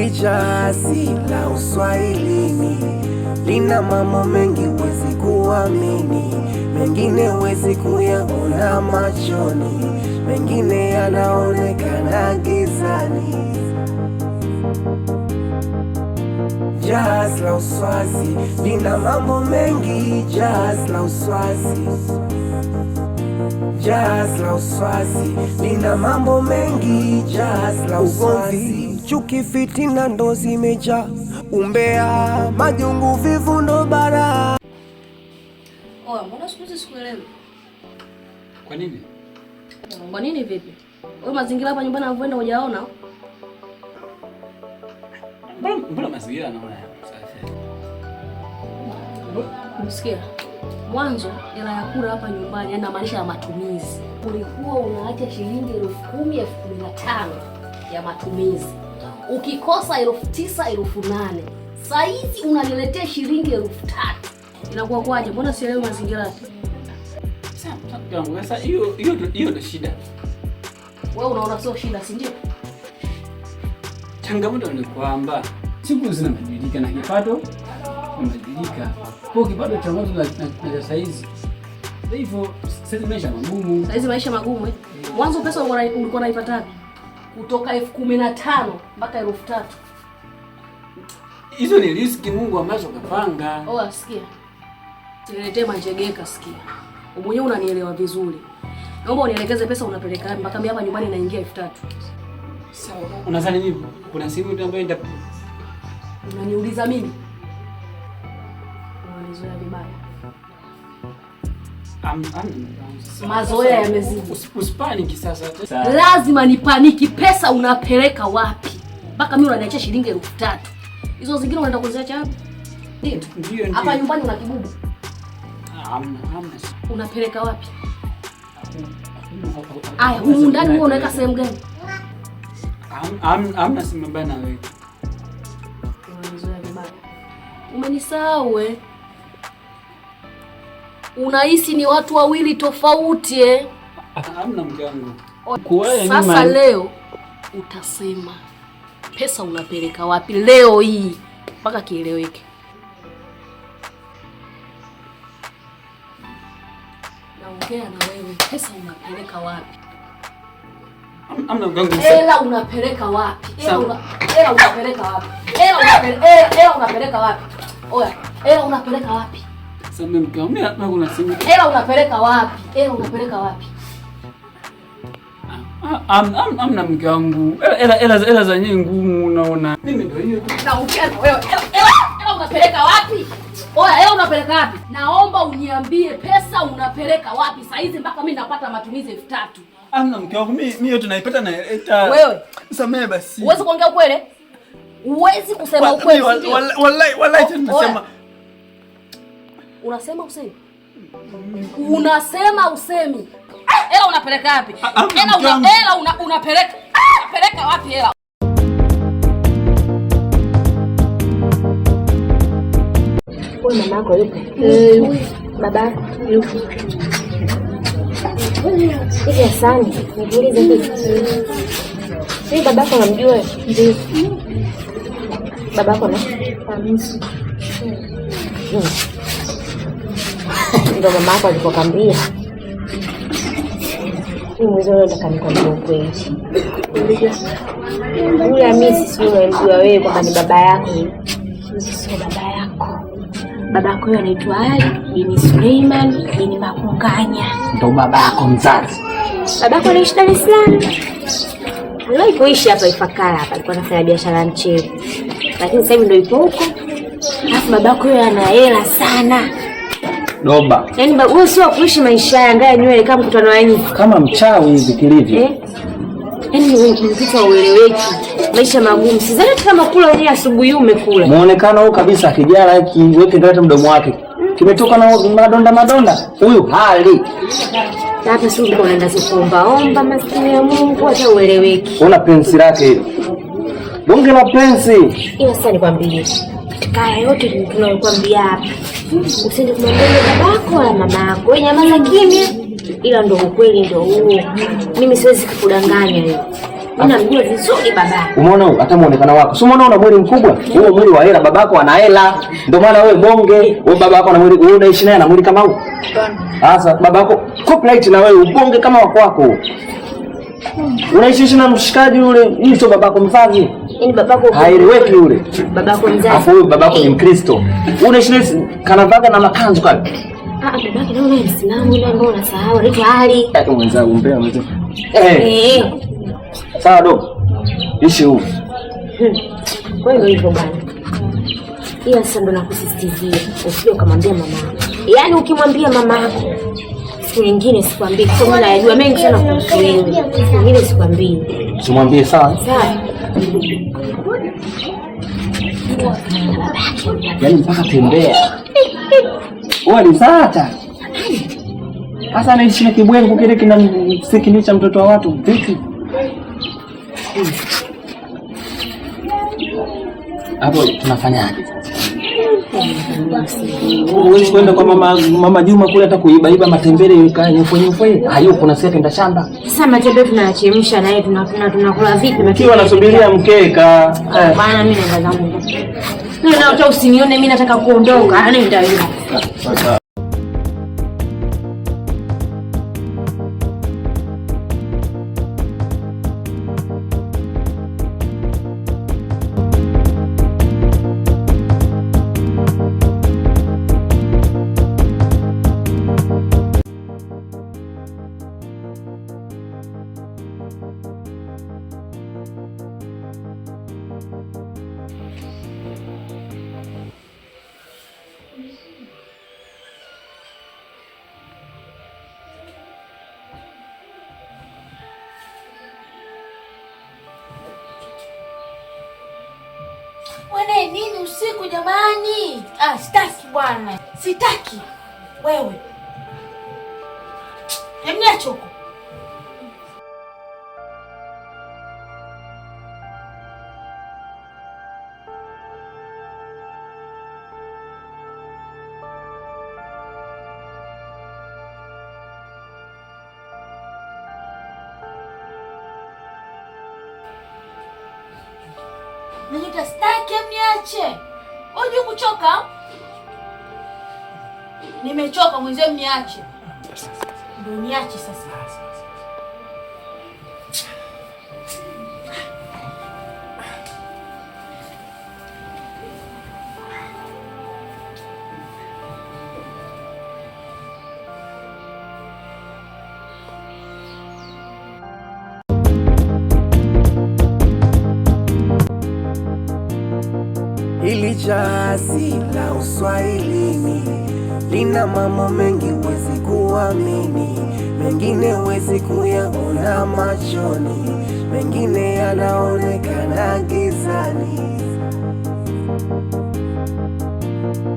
Hili jahazi la uswahilini lina mambo mengi huwezi kuamini, mengine huwezi kuyaona machoni, mengine yanaonekana gizani. Jahazi la uswazi lina mambo mengi, jahazi la uswazi Jahazi la uswazi lina mambo mengi, jahazi la uswazi chuki, fitina ndo zimeja, umbea, majungu, ndo bara. Oya, mbona siku hizi sikuelewi. Kwa nini? Kwa nini vipi? Wewe mazingira hapa nyumbani unavyoenda hujaona? Mbona mazingira naona hapa Msikia. Mwanzo hela ya kula hapa nyumbani yaani na maanisha ya matumizi. Ulikuwa unaacha shilingi elfu kumi elfu kumi na tano ya matumizi ukikosa elfu tisa elfu nane saizi unaniletea shilingi elfu tatu inakuwa kwaje? Mbona sielewi mazingira yake? Sasa hiyo hiyo ndio shida. Wewe unaona sio shida, si ndio? Changamoto ni kwamba siku zinabadilika na kipato kinabadilika, kwa kipato cha mwanzo na saizi hivyo. Saizi maisha magumu, saizi maisha magumu. Eh? Mwanzo pesa ulikuwa unaipata wapi? kutoka elfu kumi na tano mpaka elfu tatu Hizo ni riski Mungu ambazo kapanga. Oh, sikia, Niletee manjegeka sikia. Mwenyewe unanielewa vizuri. Naomba unielekeze pesa unapeleka mpaka mimi hapa nyumbani naingia elfu tatu. Sawa. Unadhani nini? Kuna simu ambayo ndio unaniuliza mimi? Unanizoea vibaya mazoea sasa. Lazima nipaniki. Pesa unapeleka wapi? Mpaka mimi unaniacha shilingi elfu tatu. Hizo zingine unaenda kuziacha wapi? Hapa nyumbani una kibubu? Unapeleka wapi? Aya, humu ndani wewe unaweka sehemu gani? Hamna, Umenisahau wewe. Eh unahisi ni watu wawili tofauti eh? Hamna mke wangu. Sasa leo utasema pesa unapeleka wapi leo hii mpaka kieleweke. Naongea na wewe, pesa unapeleka wapi? Hela unapeleka wapi? Hela unapeleka wapi? Hela unapeleka wapi? Oya, hela unapeleka wapi? Hela unapeleka wapi? Hela unapeleka wapi? Ah, amna mke wangu, hela zenyewe ngumu, naona mimi ndio hiyo. Hela unapeleka wapi? Oya, hela unapeleka wapi? Naomba uniambie pesa unapeleka wapi saa hizi, mpaka mimi napata matumizi elfu tatu. Amna mke wangu, mimi yote naipata na eleta. Wewe samee basi, uwezi kuongea ukweli, uwezi kusema ukweli, wallahi wallahi tunasema Unasema usemi? Unasema usemi? Eh, hela unapeleka wapi? Ah, ah, hela una, hela una, unapeleka ah, unapeleka wapi hela? Mama eh, Baba baba namjua? Ndio. Baba na ndo mama yako alikuwa kambia mwezolakanikambia ukweli ula misi si unamjua wewe kwamba ni baba yako, sio baba yako. Baba yako huyo anaitwa Ali bini Suleiman bini Makunganya, ndo baba yako mzazi. Baba yako anaishi Dar es Salaam, aliwahi kuishi hapa Ifakara hapa, alikuwa anafanya biashara mchele, lakini sasa hivi ndo ipo huko. Alafu baba yako huyo ana hela sana Goba. Yaani wewe sio kuishi maisha ya ngaa nywele kama mkutano wa nyi. Kama mchawi hivi kilivyo. Eh? Yaani wewe mtu ueleweki. Maisha magumu. Sidhani kama kula ile asubuhi umekula. Muonekano huu kabisa kijana hiki weke ngata mdomo wake. Hmm. Kimetoka na madonda madonda. Huyu hali. Hata sio uko unaenda sokomba. omba maskini ya Mungu hata ueleweki. Una pensi lake hilo. Bonge la pensi. Ila sasa nikwambie katika yote tunayokuambia hapa, usende kumwambia babako wala mamako. Wewe nyamaza kimya, ila ndo ukweli ndo huo. Mimi siwezi kukudanganya hiyo. Namjua vizuri baba. Umeona hata muonekano wako, si umeona una mwili mkubwa huo, mwili wa hela. Babako ana hela, ndio maana wewe bonge. Wewe babako ana mwili, wewe unaishi naye ana mwili kama huo. Sasa babako cooperate na wewe ubonge kama wako wako huo Unaishi na mshikaji yule, yule sio babako mzazi. Ni yaani babako. Haieleweki yule. Babako mzazi. Afu huyu babako ni Mkristo. Unaishi na kanavaga na makanzu kale. Ah, ah, babako ndio ni Muislamu yule ambao unasahau rika hali. Hata eh, mwenzangu mpea eh. mzee. Eh. Sawa dogo. Ishi huyu. Hmm. Kwa hiyo hivyo bwana. Ila sasa ndo nakusisitizia, usije ukamwambia mama. Yaani ukimwambia mama yako siku nyingine sikwambii, kwa maana najua mengi sana kuhusu wewe. Siku nyingine sikwambii, simwambie sawa. sawa. Yaani mpaka tembea walisata sasa, anaishi na kibwengu kile kina kinamsikilisha mtoto wa watu vipi? Hapo tunafanyaje? Huwezi kwenda kwa mama mama Juma kule hata kuibaiba matembele nyufwe, hayo kuna sisi tenda shamba. Sasa matembele tunayachemsha naye tunakula, tunakula vipi? Kiwa nasubiria mkeka. Ah, bana, mimi naenda zangu. Usinione mimi nataka kuondoka. Sasa. nini usiku jamani? Ah, sitaki bwana, sitaki wewe, emniachoko Najuta staki, mniache. Unajua kuchoka? Nimechoka mwenzio, mniache. Ndio niache sasa. Jahazi la uswahilini lina mambo mengi huwezi kuamini, mengine huwezi kuyaona machoni, mengine yanaonekana gizani.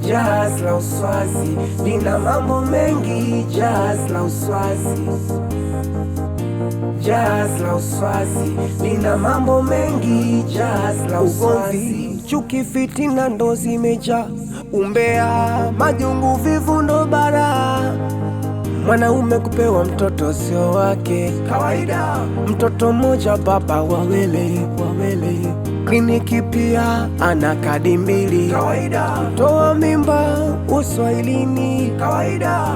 Jahazi la uswazi lina mambo mengi, jahazi la uswazi Jahazi la uswazi lina mambo mengi, jahazi la uswazi chuki, fitina ndo zimeja, umbea, majungu, vivu ndo bara. Mwanaume kupewa mtoto sio wake kawaida, mtoto mmoja baba wawele wawele, kliniki pia ana kadi mbili kawaida, toa mimba uswahilini kawaida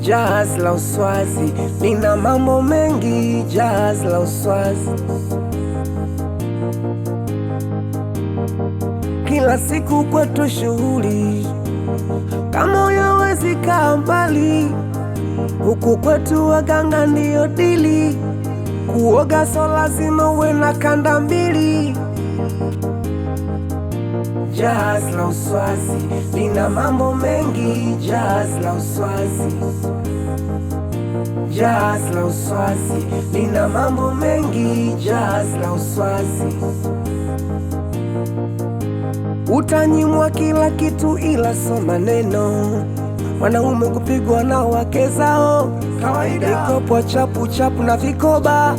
Jazz la uswazi, nina mambo mengi, jazz la uswazi kila siku kwetu shughuli, kama uyawezi kaa mbali, huku kwetu waganga ndiyo dili. Kuoga so lazima uwe na kanda mbili. Jahazi la uswazi lina mambo mengi. Jahazi la uswazi, jahazi la uswazi lina mambo mengi. Jahazi la uswazi Utanyimwa kila kitu ila soma neno. Wanaume kupigwa na wake zao kawaida, vikopwa chapu chapu na vikoba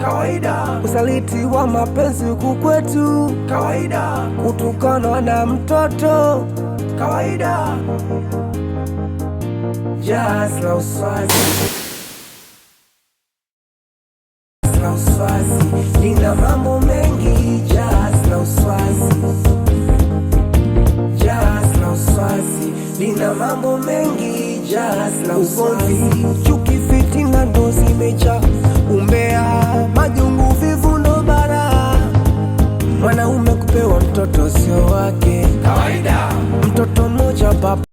kawaida, usaliti wa mapenzi huku kwetu kawaida, kutukanwa na mtoto kawaida, jahazi la uswazi lina mambo 我一定。